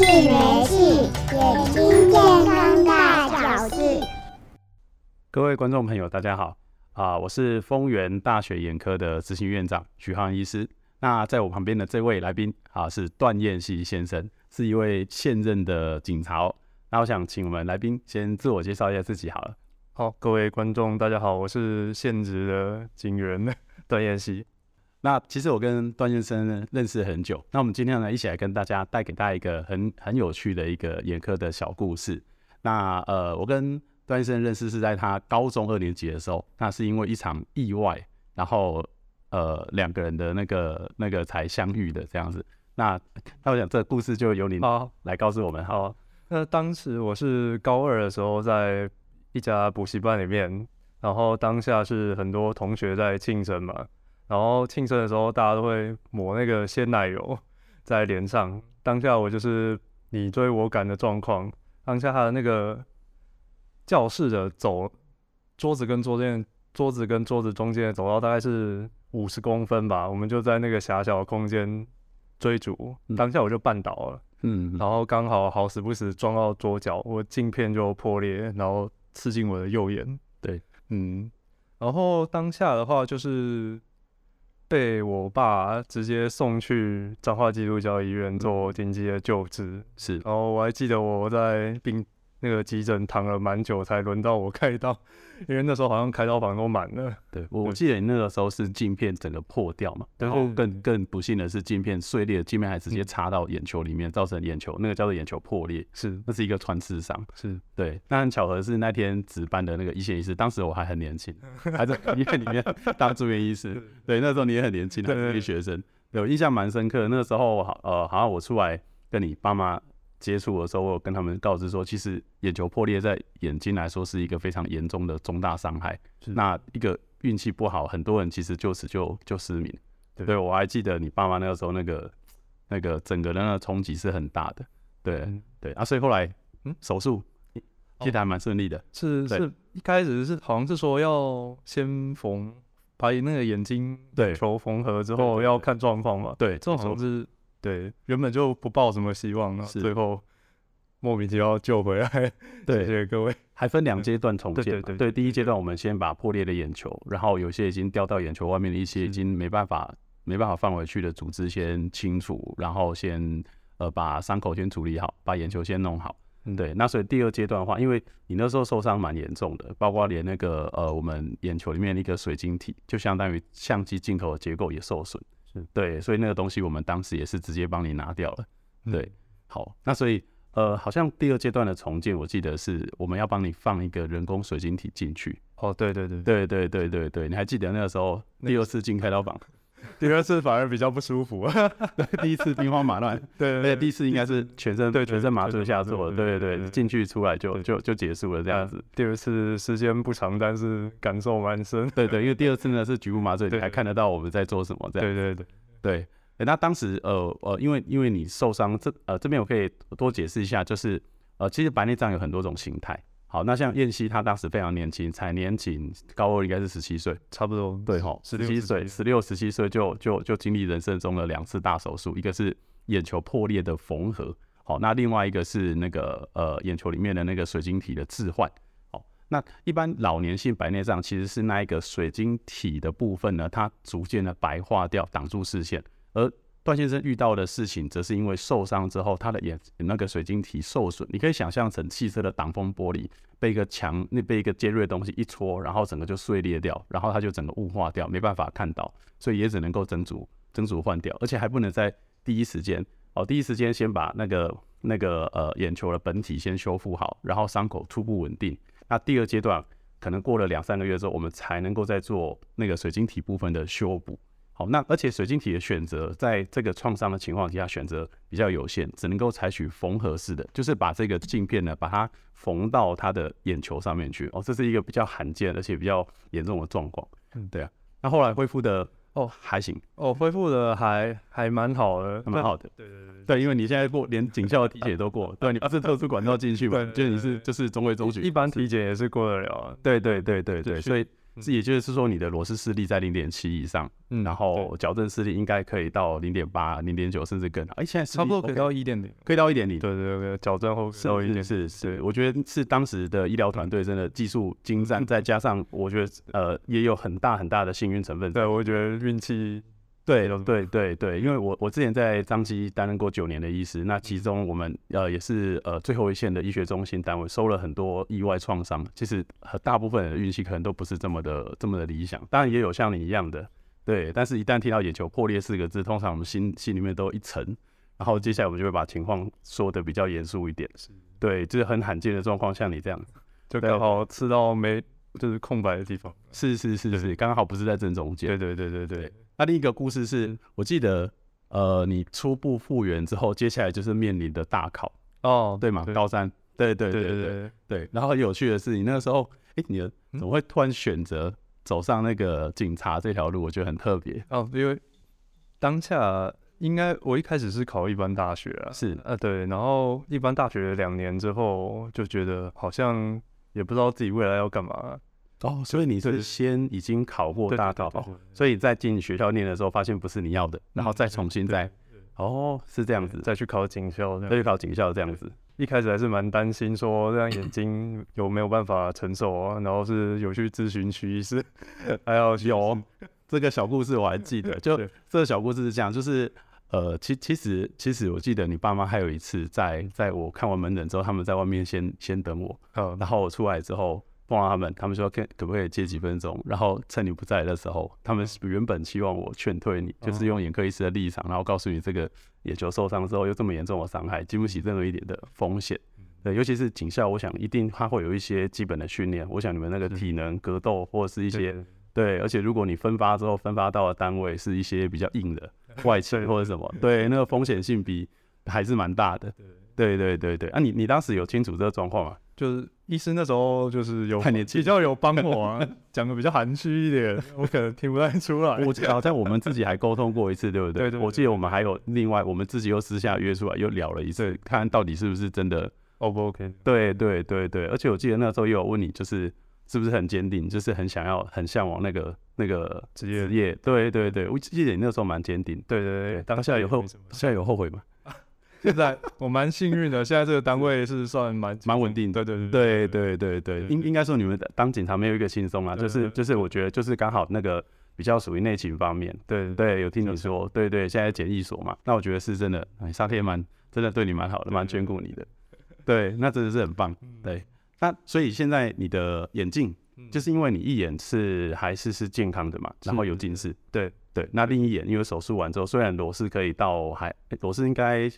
是沒事，眼睛健康大小事。嗯、各位觀眾朋友，大家好啊！我是豐原大學眼科的執行院長徐浩恩醫師。那在我旁邊的這位來賓啊，是段彥希先生，是一位現任的警察，哦。那我想請我們來賓先自我介紹一下自己好了。好，各位觀眾大家好，我是現職的警員 段彥希。那其實我跟段先生認識很久，那我們今天呢一起來跟大家帶給大家一個很很有趣的一個眼科的小故事。那呃，我跟段先生認識是在他高中二年級的時候，那是因為一場意外，然後呃兩個人的那個那個才相遇的這樣子。那那我想這故事就由您哦來告訴我們哦。那當時我是高二的時候在一家補習班裡面，然後當下是很多同學在競爭嘛。然後慶生的時候，大家都會抹那個鮮奶油在臉上。當下我就是你追我趕的狀況。當下他的那個教室的走桌子跟桌子桌子跟桌子中間的走道大概是五十公分吧，我們就在那個狹小的空間追逐。當下我就絆倒了，嗯，然後剛好好死不死撞到桌角，我鏡片就破裂，然後刺進我的右眼。對，嗯，然後當下的話就是。被我爸直接送去彰化基督教醫院做緊急的救治，是、嗯。然後我還記得我在病。那個急診躺了蠻久，才輪到我開刀，因為那時候好像開刀房都滿了。對，我我記得你那個時候是鏡片整個破掉嘛。對然後更更不幸的是鏡片碎裂，鏡面還直接插到眼球裡面，嗯、造成眼球那個叫做眼球破裂，是，那是一個穿刺傷，是對。但巧合的是那天值班的那個一線醫師，當時我還很年輕， 還在醫院裡面當住院醫師。 對，那時候你也很年輕，還是學生，對，對，對，對，我印象蠻深刻。那時候好呃，好像我出來跟你爸媽接觸的時候，我有跟他們告知說，其實眼球破裂在眼睛來說是一個非常嚴重的重大傷害，是。那一個運氣不好，很多人其實就此就就失明。對，對我還記得你爸媽那個時候那個那個整個人的衝擊是很大的。對對啊，所以後來手術，嗯，手術記得還蠻順利的。哦、對，是是，一開始是好像是說要先縫，把那個眼睛眼球縫合之後對對對對要看狀況嘛。對，這種手術，是。對，原本就不抱什麼希望了，是最後莫名其妙救回來，對 謝謝各位。還分兩階段重建、嗯，對對對，第一階段我們先把破裂的眼球，然後有些已經掉到眼球外面的一些已經沒辦法是沒辦法放回去的組織先清除，然後先呃把傷口先處理好，把眼球先弄好。嗯、對，那所以第二階段的話，因為你那時候受傷蠻嚴重的，包括連那個呃我們眼球裡面那個水晶體，就相當於相機鏡頭的結構也受損。是對，所以那個東西我們當時也是直接幫你拿掉了。嗯、對，好，那所以呃，好像第二階段的重建，我記得是我們要幫你放一個人工水晶體進去。哦，對對對，對對對對對，你還記得那個時候第二次進開刀房？Next. 第二次反而比較不舒服，哈哈。第一次兵荒馬亂， 對，而且對第一次應該是全身對四全身麻醉下做的，對，對對對，進去出來就對對對對就就結束了這樣子。啊、第二次時間不長，但是感受蠻深，對，對對，因為第二次呢是局部麻醉，對對對對，你還看得到我們在做什麼這樣。對對對對，對那當時呃呃，因為因為你受傷這呃這邊我可以多解釋一下，就是呃其實白內障有很多種形態。好，那像燕西他當時非常年輕，才年僅高二，應該是十七歲，差不多對齁，十七歲，十六十七歲就就就經歷人生中的兩次大手術，一個是眼球破裂的縫合，好，那另外一個是那個呃眼球裡面的那個水晶體的置換，好，那一般老年性白內障其實是那一個水晶體的部分呢，它逐漸的白化掉，擋住視線，而。段先生遇到的事情，則是因為受傷之後，他的眼那個水晶體受損。你可以想象成汽車的擋風玻璃被一個牆那被一個尖銳的東西一戳，然後整個就碎裂掉，然後它就整個霧化掉，沒辦法看到，所以也只能夠整組整組換掉，而且還不能在第一時間哦，第一時間先把那個那個呃眼球的本體先修復好，然後傷口初步穩定。那第二階段可能過了兩三個月之後，我們才能夠再做那個水晶體部分的修補。好，那而且水晶體的選擇，在這個創傷的情況底下，選擇比較有限，只能夠採取縫合式的，就是把這個鏡片呢，把它縫到他的眼球上面去。哦，這是一個比較罕見而且比較嚴重的狀況。對啊。那後來恢復的哦還行哦，恢復的還還蠻好的，蠻好的。對對對，對，因為你現在不連警校的體檢都過，對你不是特殊管道進去嘛？就是你是就是中規中矩，一般體檢也是過得了。對對對對對，所以。這、嗯、也就是說，你的裸視視力在零點七以上，嗯、然後矯正視力應該可以到零點八、零點九，甚至更好。哎，欸、現在差不多可以到一點零，可以到一點零。對對對，矯正後稍微一點，是是。是對 我覺得是當時的醫療團隊真的技術精湛，嗯、再加上我覺得 呃也有很大很大的幸運成，成分。對，我覺得運氣。對對對對，因為我我之前在長庚擔任過九年的醫師，那其中我們呃也是呃最後一線的醫學中心單位，收了很多意外創傷。其實很大部分的運氣可能都不是這麼的這麼的理想，當然也有像你一樣的，對。但是，一旦聽到眼球破裂四個字，通常我們心心裡面都一沉，然後接下來我們就會把情況說得比較嚴肅一點。對，這、就是很罕見的狀況，像你這樣，就剛好吃到沒就是空白的地方。是、是是是是，剛剛好不是在正中間。對對對對對。那、啊、另一個故事是，嗯、我記得，呃，你初步復原之後，接下來就是面臨的大考哦，對嘛，對高三，對對對對對，對，對，然後有趣的是，你那個時候，哎、欸，你怎麼會突然選擇走上那個警察這條路？嗯、我覺得很特別哦，因為當下應該我一開始是考一般大學是啊，是啊，對，然後一般大學兩年之後就覺得好像也不知道自己未來要幹嘛。哦，所以你是先已經考過大考，對對對對，所以在進學校念的時候發現不是你要的，然後再重新再，對對對對，哦，是這樣子，再去考警校，再去考警校這樣子。樣子。對一開始還是蠻擔心，說這樣眼睛有沒有辦法承受哦、啊， 然後是有去諮詢徐醫師，還、哎、有有 這個小故事我還記得，就對這個小故事是這樣，就是呃，其其實其實我記得你爸媽還有一次在在我看完門診之後，他們在外面先先等我，好然後我出來之後。放了他們，他們說可可不可以借幾分鐘？嗯、然後趁你不在的時候，他們原本期望我勸退你，嗯、就是用眼科醫師的立場，嗯、然後告訴你這個眼球受傷之後，又這麼嚴重的傷害，經不起任何一點的風險。對，尤其是警校，我想一定它會有一些基本的訓練。我想你們那個體能、格鬥是或者是一些對、對、對、對，而且如果你分發之後，分發到的單位是一些比較硬的外脆 或者什麼，對，那個風險性比還是蠻大的。對，對，對，對，對。啊你，你你當時有清楚這個狀況嗎？就是醫生那時候就是有比較有幫我啊講的比較含蓄一點，我可能聽不太出來。我好像我們自己還溝通過一次，對不對？對對。我記得我們還有另外，我們自己又私下約出來又聊了一次，看到底是不是真的 O 不 O K？對對對對，而且我記得那時候也有問你，就是是不是很堅定，就是很想要、很嚮往那個那個職業？對對對，我記得你那時候蠻堅定。對對對，當下有後現在有後悔嗎？現在我蠻幸運的，現在這個單位是算蠻蠻穩定。對對對對對對，應應該說你們當警察沒有一個輕鬆啊，就是就是我覺得就是剛好那個比較屬於內勤方面。對對，有聽你說，對對，現在檢疫所嘛，那我覺得是真的，哎，上天蠻真的對你蠻好的，蠻眷顧你的。對，那真的是很棒。對，那所以現在你的眼鏡，就是因為你一眼是還是是健康的嘛，然後有近視。對對，那另一眼因為手術完之後，雖然裸視可以到還裸視應該。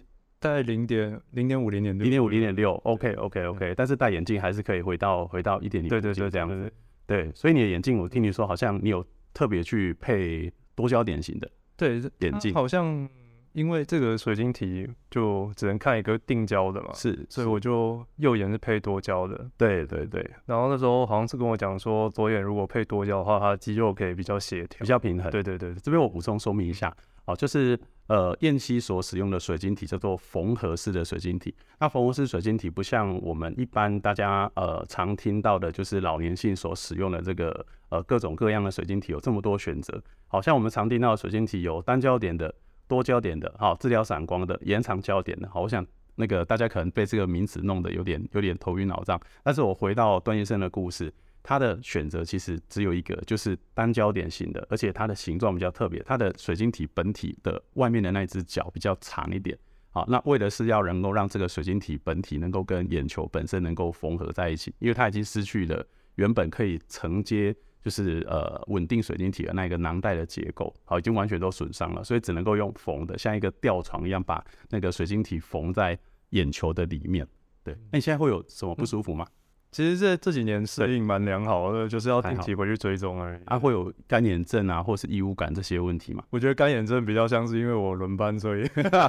戴零點零點五、零點六，零點五、零點六。OK，OK，OK。但是戴眼鏡還是可以回到回到一點零，對對，就是這樣子。對，所以你的眼鏡，我聽你說好像你有特別去配多焦點型的，對眼鏡。好像因為這個水晶體就只能看一個定焦的嘛，是，所以我就右眼是配多焦的。對對對。然後那時候好像是跟我講說，左眼如果配多焦的話，它的肌肉可以比較協調，比較平衡。對對對,對,對,對，這邊我補充說明一下，好，就是。呃，燕西所使用的水晶體叫做縫合式的水晶體。那縫合式水晶體不像我們一般大家呃常聽到的，就是老年性所使用的這個呃各種各樣的水晶體有這麼多選擇。好像我們常聽到的水晶體有單焦點的、多焦點的、好、哦、治療散光的、延長焦點的。好，我想那個大家可能被這個名字弄得有點有點頭暈腦脹。但是我回到段先生的故事。它的選擇其實只有一個，就是單焦點型的，而且它的形狀比較特別，它的水晶體本體的外面的那一隻腳比較長一點，好，那為的是要能夠讓這個水晶體本體能夠跟眼球本身能夠縫合在一起，因為它已經失去了原本可以承接，就是呃穩定水晶體的那個囊袋的結構，好，已經完全都損傷了，所以只能夠用縫的，像一個吊床一樣把那個水晶體縫在眼球的裡面。對，那你現在會有什麼不舒服嗎？嗯其實這這幾年適應蠻良好的，對就是要定期回去追蹤而已。啊，會有乾眼症啊，或是異物感這些問題嘛？我覺得乾眼症比較像是因為我輪班，所以哈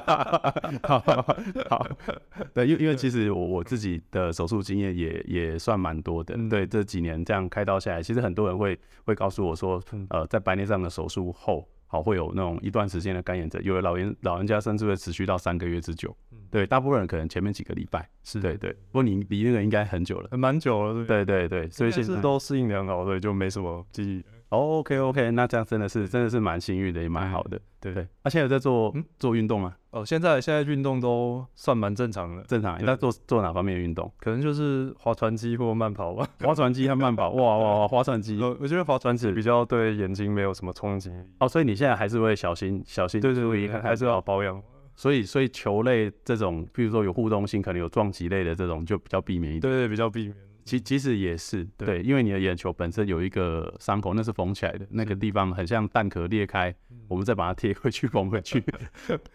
哈 對，因因為其實我我自己的手術經驗也也算蠻多的，嗯、對，這幾年這樣開刀下來，其實很多人會會告訴我說，呃，在白內障的手術後。好，會有那種一段時間的乾眼症，有的老人老人家甚至會持續到三個月之久。嗯、對，大部分人可能前面幾個禮拜是的對,對對，不過你你那個應該很久了，蠻久了。對對,對對，該是所以其實都適應良好，所以就沒什麼記憶。O K O K，那這樣真的是真的是蠻幸運的，也蠻好的。對、嗯、對，他、啊、現在有在做、嗯、做運動啊。哦，現在現在運動都算蠻正常的，正常啊。你在做做哪方面的運動？可能就是划船機或慢跑吧。划船機和慢跑， 哇哇哇！划船機，我覺得划船機比較對眼睛沒有什麼衝擊。哦，所以你現在還是會小心小心，對對對，還是要保養。所以所以球類這種，比如說有互動性，可能有撞擊類的這種，就比較避免一點。對，對對，比較避免。其其實也是對，因為你的眼球本身有一個傷口，那是縫起來的，那個地方很像蛋殼裂開，我們再把它貼回去縫回去，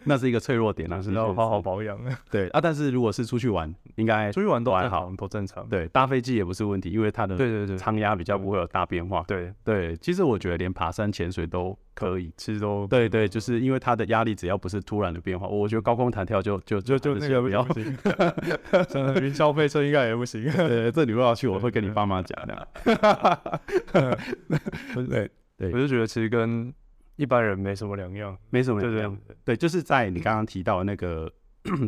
那是一個脆弱點，那要好好保養。對啊，但是如果是出去玩，應該出去玩都還好，都正常。對，搭飛機也不是問題，因為它的對對對艙壓比較不會有大變化。對對，其實我覺得連爬山、潛水都。可以，其實都對對，就是因為它的壓力，只要不是突然的變化，我覺得高空彈跳就就就就就比較不行。真的，雲霄飛車應該也不行。呃，這你不要去，我會跟你爸媽講的。對對，我就覺得其實跟一般人沒什麼兩樣，沒什麼兩樣。對，就是在你剛剛提到那個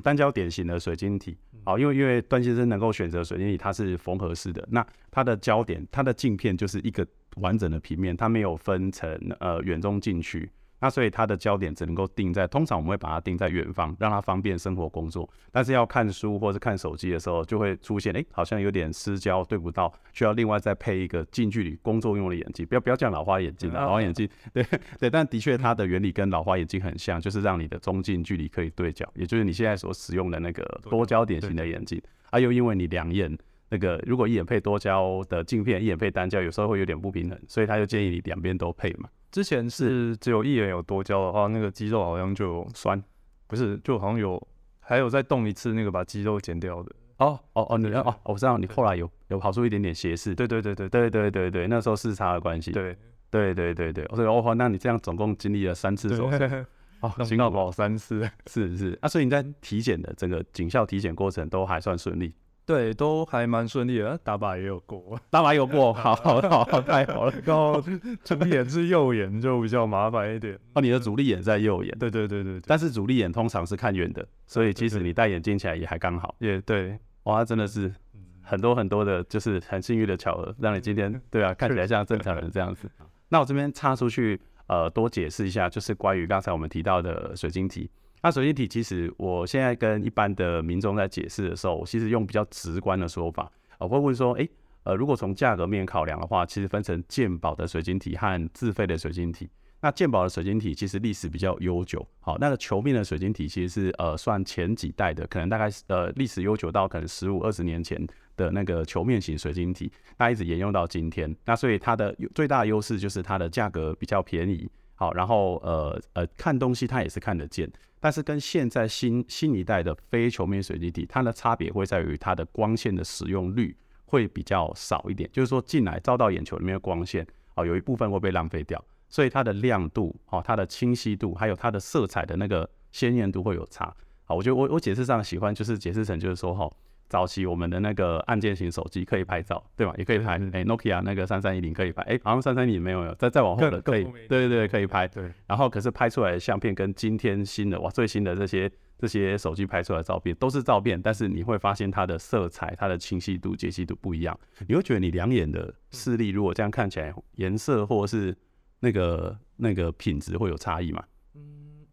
單焦點型的水晶體，好，因為因為段先生能夠選擇水晶體，它是縫合式的，那它的焦點，它的鏡片就是一個。完整的平面，它沒有分成呃遠中近區，那所以它的焦點只能夠定在，通常我們會把它定在遠方，讓它方便生活工作。但是要看書或者看手機的時候，就會出現，誒、欸，好像有點失焦，對不到，需要另外再配一個近距離工作用的眼鏡。不要不要這樣老花眼鏡了，嗯、老花眼鏡，嗯、對對，但的確它的原理跟老花眼鏡很像，就是讓你的中近距離可以對焦，也就是你現在所使用的那個多焦點型的眼鏡，而、啊、又因為你兩眼。那個如果一眼配多焦的鏡片，一眼配單焦，有時候會有點不平衡，所以他就建議你兩邊都配嘛。之前是，是只有一眼有多焦的話，那個肌肉好像就酸，不是，就好像有還有再動一次，那個把肌肉剪掉的。哦哦哦，你看哦，我知道你後來有有跑出一點點斜視。對對對對對對對對，那時候視差的關係。對對對對對，對所以哦，那你這樣總共經歷了三次手術，對 哦，警校搞三次，是是。啊，所以你在體檢的、嗯、整個警校體檢過程都還算順利。對，都還蠻順利的，打靶也有過，打靶也有過，好，好，好，好 太好了，然後主力眼是右眼 就比較麻煩一點，哦，你的主力眼在右眼，嗯、對，對，對，對，但是主力眼通常是看遠的，所以其實你戴眼鏡起來也還剛好，也對，對，哇，真的是很多很多的，就是很幸運的巧合，讓你今天對啊， 看起來像正常人這樣子。 那我這邊插出去，呃，多解釋一下，就是關於剛才我們提到的水晶體。那水晶體，其實我現在跟一般的民眾在解釋的時候，我其實用比較直觀的說法，呃、我會問說，哎、欸，呃，如果從價格面考量的話，其實分成健保的水晶體和自費的水晶體。那健保的水晶體其實歷史比較悠久，好、哦，那個球面的水晶體其實是呃算前幾代的，可能大概是呃歷史悠久到可能十五二十年前的那個球面型水晶體，那一直沿用到今天。那所以它的最大的優勢就是它的價格比較便宜。好，然後呃、呃，看東西它也是看得見，但是跟現在新、新一代的非球面水晶體，它的差別會在於它的光線的使用率會比較少一點，就是說進來照到眼球裡面的光線，啊、哦，有一部分會被浪費掉，所以它的亮度、哦、它的清晰度，還有它的色彩的那個鮮豔度會有差。啊，我覺得我我解釋上喜歡就是解釋成就是說哈。哦早期我們的那個按鍵型手機可以拍照，對吧？也可以拍，哎、嗯欸、，Nokia 那個三三一零可以拍，哎、嗯欸，好像三三零沒有有，嗯、再再往後的可以，更對對對，可以拍。對，然後可是拍出來的相片跟今天新的哇，最新的這些這些手機拍出來的照片都是照片，但是你會發現它的色彩、它的清晰度、解析度不一樣，你會覺得你兩眼的視力如果這樣看起來顏色或是那個那個品質會有差異嗎？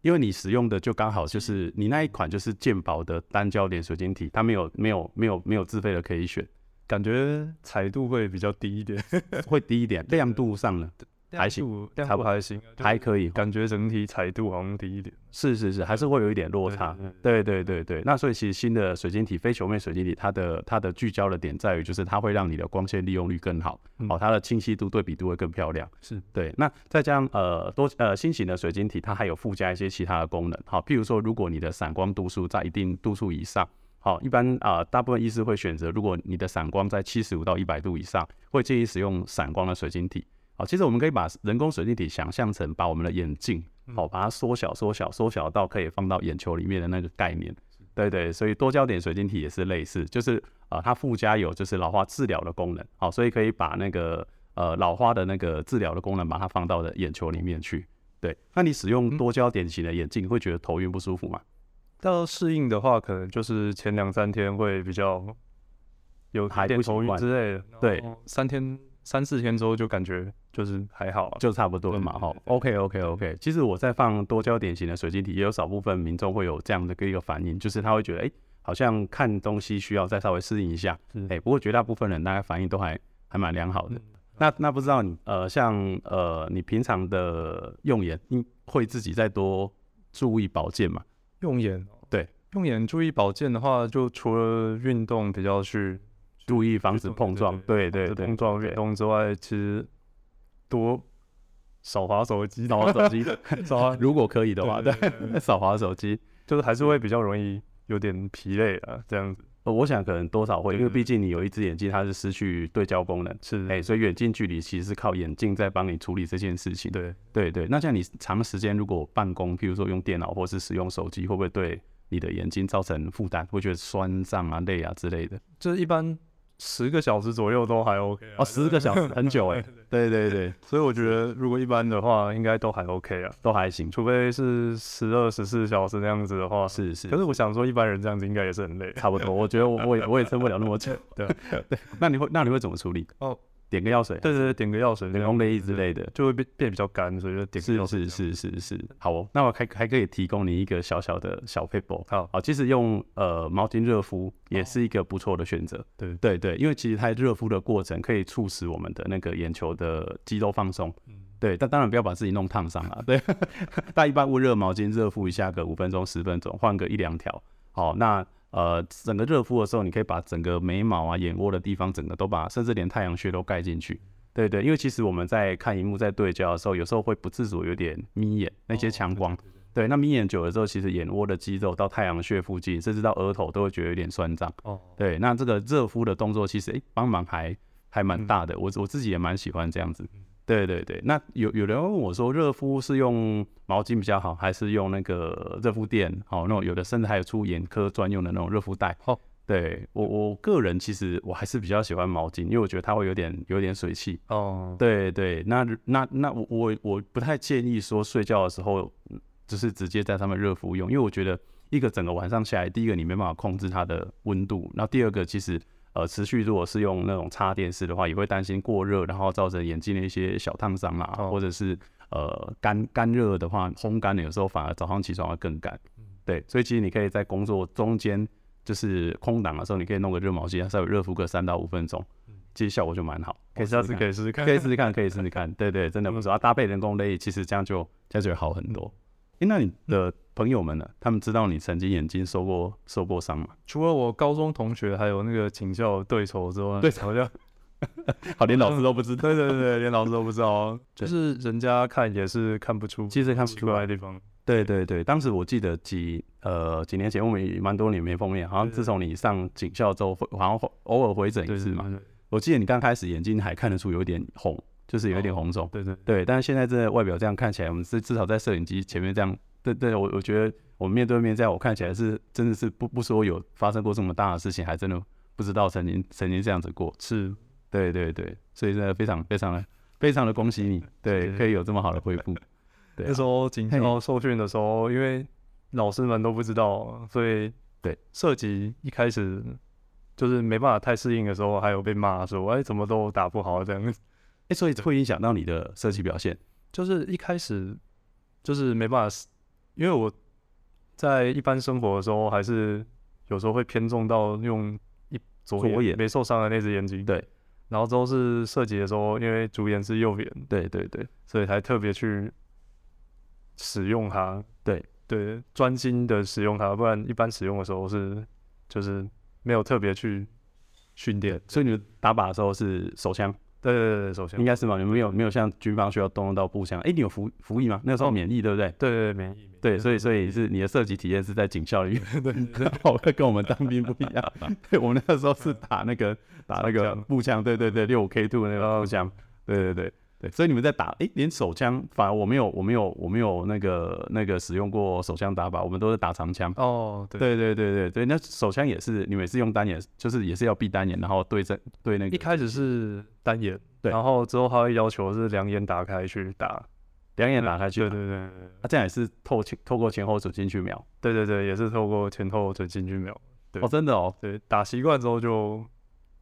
因為你使用的就剛好就是你那一款就是健保的單焦點水晶體，它沒有沒有沒有沒有自費的可以選，感覺彩度會比較低一點， 會低一點亮度上了。還行，還不還行，還，不就還可以，感覺整體彩度好像低一點。是是是，對 還是會有一點落差。對對對對，那所以其實新的水晶體對對對，非球面水晶體，它的它的聚焦的點在於，就是它會讓你的光線利用率更好，好、嗯、它的清晰度、對比度會更漂亮。是對。那再加上呃，多呃新型的水晶體，它還有附加一些其他的功能。好、哦，譬如說，如果你的散光度數在一定度數以上，好、哦，一般啊、呃，大部分醫師會選擇，如果你的散光在七十五到一百度以上，會建議使用散光的水晶體。好，其實我們可以把人工水晶體想象成把我們的眼鏡，好、嗯喔，把它縮小，小、縮小、縮小到可以放到眼球裡面的那個概念。是對對，所以多焦點水晶體也是類似，就是呃，它附加有就是老花治療的功能，好、喔，所以可以把那個呃老花的那個治療的功能把它放到的眼球裡面去。對，那你使用多焦點型的眼鏡，會覺得頭暈不舒服嗎？嗯、到適應的話，可能就是前兩三天會比較有點頭暈之類的。後對、哦，三天。三四天之後就感覺就是還好，啊，就差不多了嘛。哈，OK OK OK。其實我在放多焦點型的水晶體，也有少部分民眾會有這樣的一個反應，就是他會覺得哎、欸，好像看東西需要再稍微適應一下。哎、欸，不過絕大部分人大概反應都還還蠻良好的。嗯、那那不知道你呃，像呃，你平常的用眼，會自己再多注意保健嗎？用眼，對，用眼注意保健的話，就除了運動比較是。注意防止碰撞，對對對，碰撞運動之外，其實多少滑手機，少滑手機，少滑。如果可以的話，對，少滑手機就是還是會比較容易有點疲累啊。這樣子。我想可能多少會，因為畢竟你有一隻眼睛它是失去對焦功能，是哎，所以遠近距離其實是靠眼鏡在幫你處理這件事情。對對對，那像你長時間如果辦公，譬如說用電腦或是使用手機，會不會對你的眼睛造成負擔？會覺得酸脹啊、累啊之類的？就是一般。十個小時左右都還 OK, OK 啊、哦，十個小時 很久誒、欸， 對對對，所以我覺得如果一般的話，應該都還 OK 啊，都還行，除非是十二、十四小時那樣子的話，是,是是。可是我想說，一般人這樣子應該也是很累， 差不多。我覺得我我也我也撐不了那麼久， 對對。那你會那你會怎麼處理？哦。Oh. 點個藥水，水，對對點個藥水、用紅霉之類的，對對對，就會變變比較乾，所以就點個藥水。是是是是是，好哦。那我還還可以提供你一個小小的小 paper 好，好，其實用呃毛巾熱敷也是一個不錯的選擇。好對對對，因為其實它熱敷的過程可以促使我們的那個眼球的肌肉放鬆。嗯、對，但當然不要把自己弄燙傷了。對， 大家一般用熱毛巾熱敷一下個，個五分鐘、十分鐘，換個一兩條。好，那。呃，整個熱敷的時候，你可以把整個眉毛啊、眼窩的地方，整個都把，甚至連太陽穴都蓋進去。嗯、對,對對，因為其實我們在看熒幕、在對焦的時候，有時候會不自主有點眯眼，那些強光。哦、對,對,對,對,對，那眯眼久了之後，其實眼窩的肌肉到太陽穴附近，甚至到額頭都會覺得有點酸脹。哦，對，那這個熱敷的動作其實，哎、欸，幫忙還還蠻大的。嗯、我我自己也蠻喜歡這樣子。對對對，那有有人問我說，熱敷是用毛巾比較好，還是用那個熱敷墊？好、哦，那種有的甚至還有出眼科專用的那種熱敷袋。好、oh.，對我我個人其實我還是比較喜歡毛巾，因為我覺得它會有點有點水汽。哦，oh. 對對，那那那，那我我我不太建議說睡覺的時候就是直接在上面熱敷用，因為我覺得一個整個晚上下來，第一個你沒辦法控制它的溫度，然後第二個其實。呃，持續如果是用那種插電式的話，也會擔心過熱，然後造成眼睛的一些小燙傷啦，oh. 或者是呃乾乾熱的話，烘乾了有時候反而早上起床會更乾。嗯、對，所以其實你可以在工作中間就是空檔的時候，你可以弄個熱毛巾，稍微熱敷個三到五分鐘，嗯、其實效果就蠻好。可以試試，試試可以試試看， 看，可以試試看，可以試試看。對對，真的不錯、嗯啊。搭配人工淚其實這樣就這樣就會好很多。嗯誒，那你的朋友們呢？他們知道你曾經眼睛受過受過傷嗎？除了我高中同學，還有那個警校對手之外，對手就，好連老師都不知道。對對對，連老師都不知道，就是人家看也是看不出，其實看不出來的地方。對對對，當時我記得幾呃幾年前，我們也蠻多年沒碰面，好像自從你上警校之後，好像偶爾回診一次嘛。我記得你剛開始眼睛還看得出有點紅。就是有一點紅腫、哦，對對對，但是現在這外表這樣看起來，我們是至少在攝影機前面這樣，對對我我覺得我們面對面這樣，我看起來是真的是不不說有發生過這麼大的事情，還真的不知道曾經曾經這樣子過，是，對對對，所以真的非常非常的非常的恭喜你，對，可以有這麼好的恢復。對，對，對。對啊、 那時候警校受訓的時候，嘿因為老師們都不知道，所以對射擊一開始就是沒辦法太適應的時候，還有被罵說哎怎麼都打不好這樣子。欸、所以會影響到你的射擊表現？對就是一開始就是沒辦法，因為我在一般生活的時候還是有時候會偏重到用一左眼，左眼沒受傷的那隻眼睛，對。然後都是射擊的時候，因為主眼是右眼，對對對，所以才特別去使用它，對對，專心的使用它，不然一般使用的時候是就是沒有特別去訓練。對對所以你打靶的時候是手槍。對對對，手槍先應該是吧？你們沒有沒有像軍方需要動用到步槍？誒、欸，你有服服役嗎？那時候免役對不對？哦、對對對，免役。免役對，所以所以是你的射擊體驗是在警校裡面。對，對，對，你知道，跟我們當兵不一樣。 對，我們那時候是打那個打那個步槍，對對對，六五 K two 那個步槍，對對對。對，所以你們在打，誒、欸，連手槍，反而我沒有，我沒有，我沒有那個那個使用過手槍打靶，我們都是打長槍。哦，對，對對對對對，對那手槍也是，你們是用單眼，就是也是要閉單眼，然後對正對那個，一開始是單眼，對，然後之後他會要求是兩眼打開去打，兩對眼打開去打、嗯，對對對，他、啊、這樣也是透透過前後準心去瞄，對對對，也是透過前後準心去瞄。哦，真的哦，對，打習慣之後就。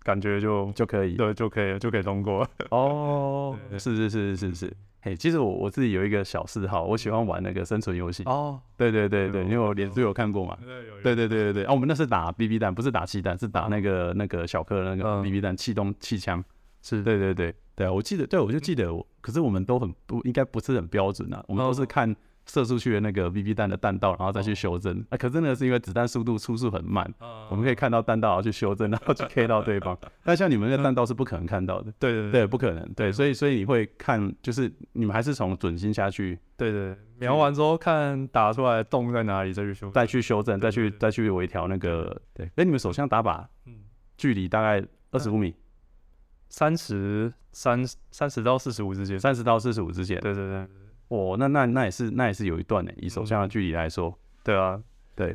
感覺就就可以，對，就可以，就可以通過。哦，是是是是是是。嘿，其實我我自己有一個小嗜好，我喜歡玩那個生存遊戲。哦，對對對對，因為我臉書有看過嘛。對，對對對對，我們那是打 BB 彈，不是打氣彈，是打那個那個小顆的那個 BB 彈氣動氣槍。是。對對對對，我記得，對我就記得，我可是我們都很不應該不是很標準吶，我們都是看。射出去的那個 BB 彈的彈道，然後再去修正。啊，可是呢，是因為子彈速度初速很慢，我們可以看到彈道，然後去修正，然後去 K 到對方。但像你們那彈道是不可能看到的。對對對，不可能。對，所以所以你會看，就是你們還是從準心下去。對對，瞄完之後看打出來的洞在哪裡，再去修，再去修正，再去再去微調那個。對。哎，你們手槍打靶，嗯，距離大概二十五米，三十三三十到四十五之間，三十到四十五之間。對對對。哦，那那那也是，那也是有一段呢，以手槍的距離來說，嗯，對啊，對，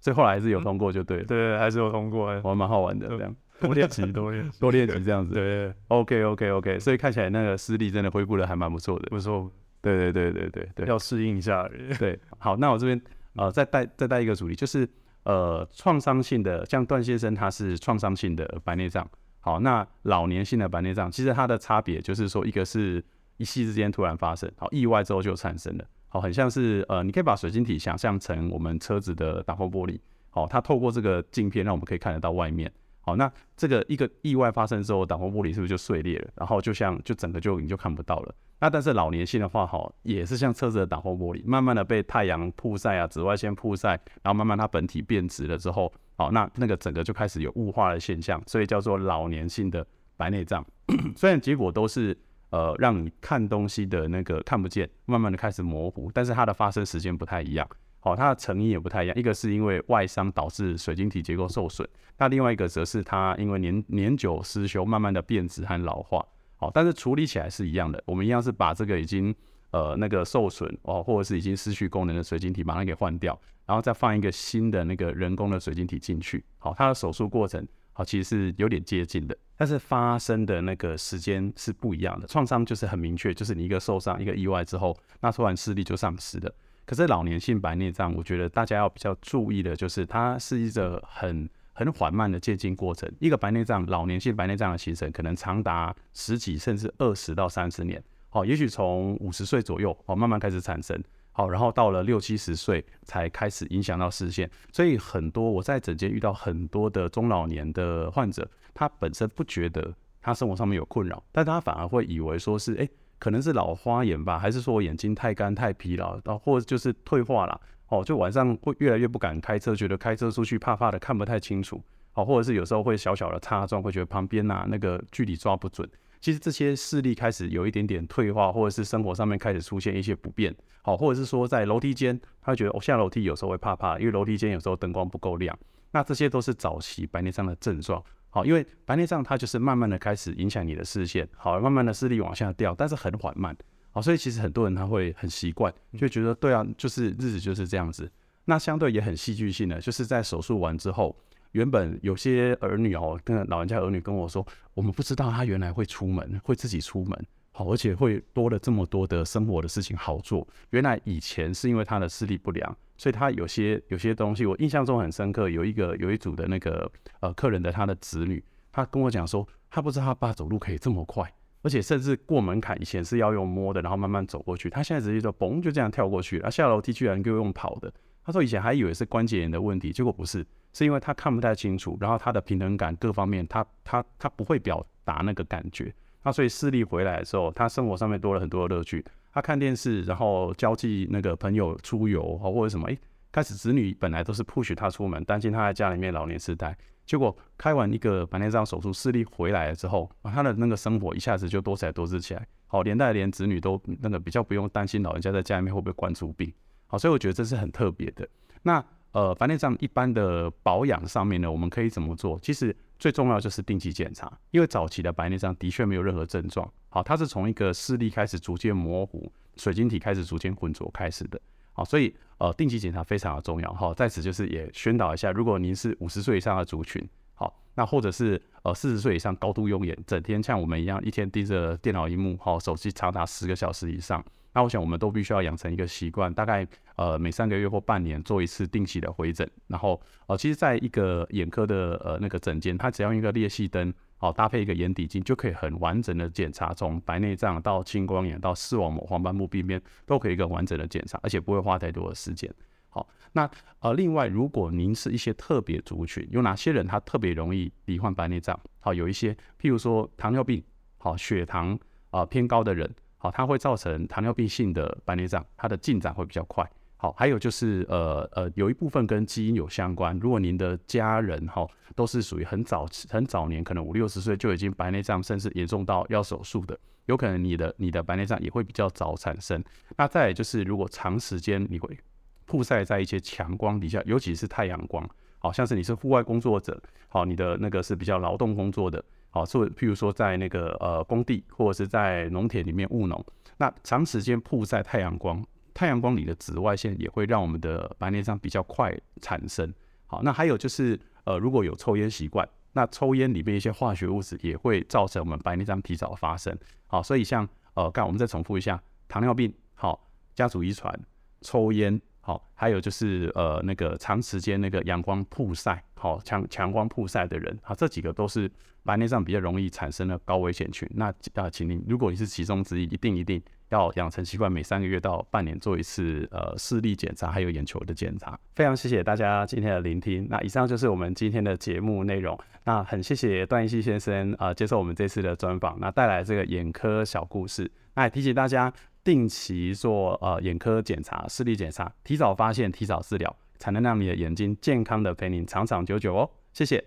最會後來還是有通過就對了，對還是有通過，欸，還蠻好玩的這樣，對多練習，多練，多練習這樣子，對，對，對，OK OK OK，所以看起來那個視力真的恢復的還蠻不錯的，不錯錯，對對對對對對，對要適應一下而已，對，好，那我這邊呃再帶再帶一個主題，就是呃創傷性的，像段先生他是創傷性的白內障，好，那老年性的白內障其實它的差別就是說一個是。一夕之間突然發生，好意外之後就產生了，好很像是呃，你可以把水晶體想象成我們車子的擋風玻璃，好它透過這個鏡片讓我們可以看得到外面，好那這個一個意外發生之後，擋風玻璃是不是就碎裂了？然後就像就整個就你就看不到了。那但是老年性的話，好也是像車子的擋風玻璃，慢慢的被太陽曝曬啊，紫外線曝曬，然後慢慢它本體變質了之後，好那那個整個就開始有霧化的現象，所以叫做老年性的白內障。 雖然結果都是。呃，讓你看東西的那個看不見，慢慢的開始模糊，但是它的發生時間不太一樣，好、哦，它的成因也不太一樣，一個是因為外傷導致水晶體結構受損，那另外一個則是它因為年年久失修，慢慢的變質和老化，好、哦，但是處理起來是一樣的，我們一樣是把這個已經呃那個受損哦，或者是已經失去功能的水晶體，把它給換掉，然後再放一個新的那個人工的水晶體進去，好、哦，它的手術過程。好，其實是有點接近的，但是發生的那個時間是不一樣的。創傷就是很明確，就是你一個受傷、一個意外之後，那突然視力就喪失了。可是老年性白內障，我覺得大家要比較注意的就是，它是一個很很緩慢的漸進過程。一個白內障、老年性白內障的形成，可能長達十幾甚至二十到三十年。好、哦，也許從五十歲左右，好、哦，慢慢開始產生。好，然後到了六七十歲才開始影響到視線，所以很多我在診間遇到很多的中老年的患者，他本身不覺得他生活上面有困擾，但他反而會以為說是，哎，可能是老花眼吧，還是說我眼睛太乾太疲勞，然後或者就是退化了，哦，就晚上會越來越不敢開車，覺得開車出去怕怕的看不太清楚，哦，或者是有時候會小小的擦撞，會覺得旁邊吶、啊、那個距離抓不準。其實這些視力開始有一點點退化，或者是生活上面開始出現一些不便，好，或者是說在樓梯間，他會覺得我下樓梯有時候會怕怕，因為樓梯間有時候燈光不夠亮，那這些都是早期白內障的症狀，好，因為白內障它就是慢慢的開始影響你的視線，好，慢慢的視力往下掉，但是很緩慢，好，所以其實很多人他會很習慣，就覺得對啊，就是日子就是這樣子，那相對也很戲劇性的，就是在手術完之後。原本有些兒女哦，跟老人家兒女跟我說，我們不知道他原來會出門，會自己出門，好，而且會多了這麼多的生活的事情好做。原來以前是因為他的視力不良，所以他有些有些東西，我印象中很深刻。有一個有一組的那個呃客人的他的子女，他跟我講說，他不知道他爸走路可以這麼快，而且甚至過門檻以前是要用摸的，然後慢慢走過去，他現在直接就嘣就這樣跳過去，啊下樓梯居然給我用跑的。他說以前還以為是關節炎的問題，結果不是，是因為他看不太清楚，然後他的平衡感各方面他，他他他不會表達那個感覺。他所以視力回來的時候，他生活上面多了很多的樂趣。他看電視，然後交際那個朋友出遊啊，或者什麼，哎，開始子女本來都是 push 他出門，擔心他在家裡面老年癡呆。結果開完一個白內障手術，視力回來了之後，他的那個生活一下子就多起來，多起來。好，連帶連子女都那個比較不用擔心老人家在家裡面會不會關出病。好，所以我覺得這是很特別的。那呃白內障一般的保養上面呢，我們可以怎麼做？其實最重要就是定期檢查，因為早期的白內障的確沒有任何症狀。好，它是從一個視力開始逐漸模糊，水晶體開始逐漸渾濁開始的。好，所以呃定期檢查非常的重要好，在此就是也宣導一下，如果您是五十歲以上的族群，好，那或者是呃四十歲以上高度用眼，整天像我們一樣一天盯着電腦螢幕，好手機長達十個小時以上。那我想我們都必須要養成一個習慣，大概呃每三個月或半年做一次定期的回診。然後呃其實在一個眼科的呃那個診間，它只要用一個裂隙燈，好、哦、搭配一個眼底鏡，就可以很完整的檢查，從白內障到青光眼到視網膜黃斑部病變，都可以一個完整的檢查，而且不會花太多的時間。好，那呃另外，如果您是一些特別族群，有哪些人他特別容易罹患白內障？好，有一些譬如說糖尿病，好血糖啊、呃、偏高的人。好，它會造成糖尿病性的白內障，它的進展會比較快。好，還有就是，呃呃，有一部分跟基因有相關。如果您的家人哈、哦、都是屬於很早、很早年，可能五六十歲就已經白內障，甚至嚴重到要手術的，有可能你的你的白內障也會比較早產生。那再來就是，如果長時間你會曝曬在一些強光底下，尤其是太陽光，好像是你是戶外工作者，好，你的那個是比較勞動工作的。好，做譬如說在那個呃工地或者是在農田裡面務農，那長時間曝曬太陽光，太陽光裡的紫外線也會讓我們的白內障比較快產生。好，那還有就是呃如果有抽煙習慣，那抽煙裡面一些化學物質也會造成我們白內障提早發生。好，所以像呃剛我們再重複一下，糖尿病，好，家族遺傳，抽煙，好，還有就是呃那個長時間那個陽光曝曬。哦，強強光曝曬的人，啊，這幾個都是白內障比較容易產生的高危險群。那啊，請您，如果你是其中之一，一定一定要養成習慣，每三個月到半年做一次呃視力檢查，還有眼球的檢查。非常謝謝大家今天的聆聽。那以上就是我們今天的節目內容。那很謝謝段奕希先生啊、呃、接受我們這次的專訪，那帶來這個眼科小故事。那也提醒大家定期做呃眼科檢查、視力檢查，提早發現，提早治療，才能讓你的眼睛健康的陪你長長久久哦，謝謝。